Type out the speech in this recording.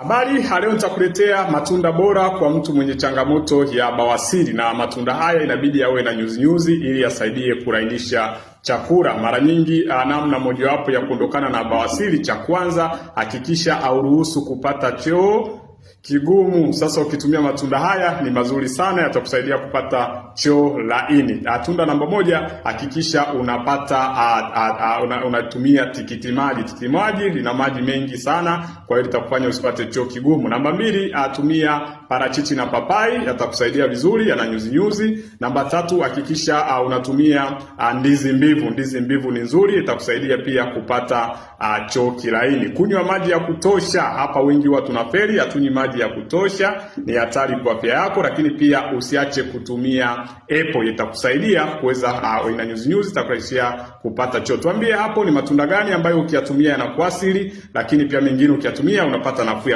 Habari leo nitakuletea matunda bora kwa mtu mwenye changamoto ya bawasiri, na matunda haya inabidi yawe na nyuzinyuzi ili yasaidie kurainisha chakula. Mara nyingi ah, namna mojawapo ya kuondokana na bawasiri, cha kwanza hakikisha auruhusu kupata choo kigumu. Sasa ukitumia matunda haya ni mazuri sana, yatakusaidia kupata choo laini. Ah, tunda namba moja, hakikisha unapata a, ah, a, ah, a, una, unatumia tikiti maji. Tikiti maji lina maji mengi sana, kwa hiyo litakufanya usipate choo kigumu. Namba mbili, atumia parachichi na papai, yatakusaidia vizuri, yana nyuzi nyuzi. Namba tatu, hakikisha unatumia a, ndizi mbivu. Ndizi mbivu ni nzuri, itakusaidia pia kupata uh, choo kilaini. Kunywa maji ya kutosha, hapa wengi huwa tunafeli hatunywi kunywi maji ya kutosha, ni hatari kwa afya yako, lakini pia usiache kutumia epo, itakusaidia kuweza uh, ina nyuzi nyuzi itakurahisishia kupata choo. Tuambie hapo ni matunda gani ambayo ukiyatumia yanakuasili, lakini pia mengine ukiyatumia unapata nafuu.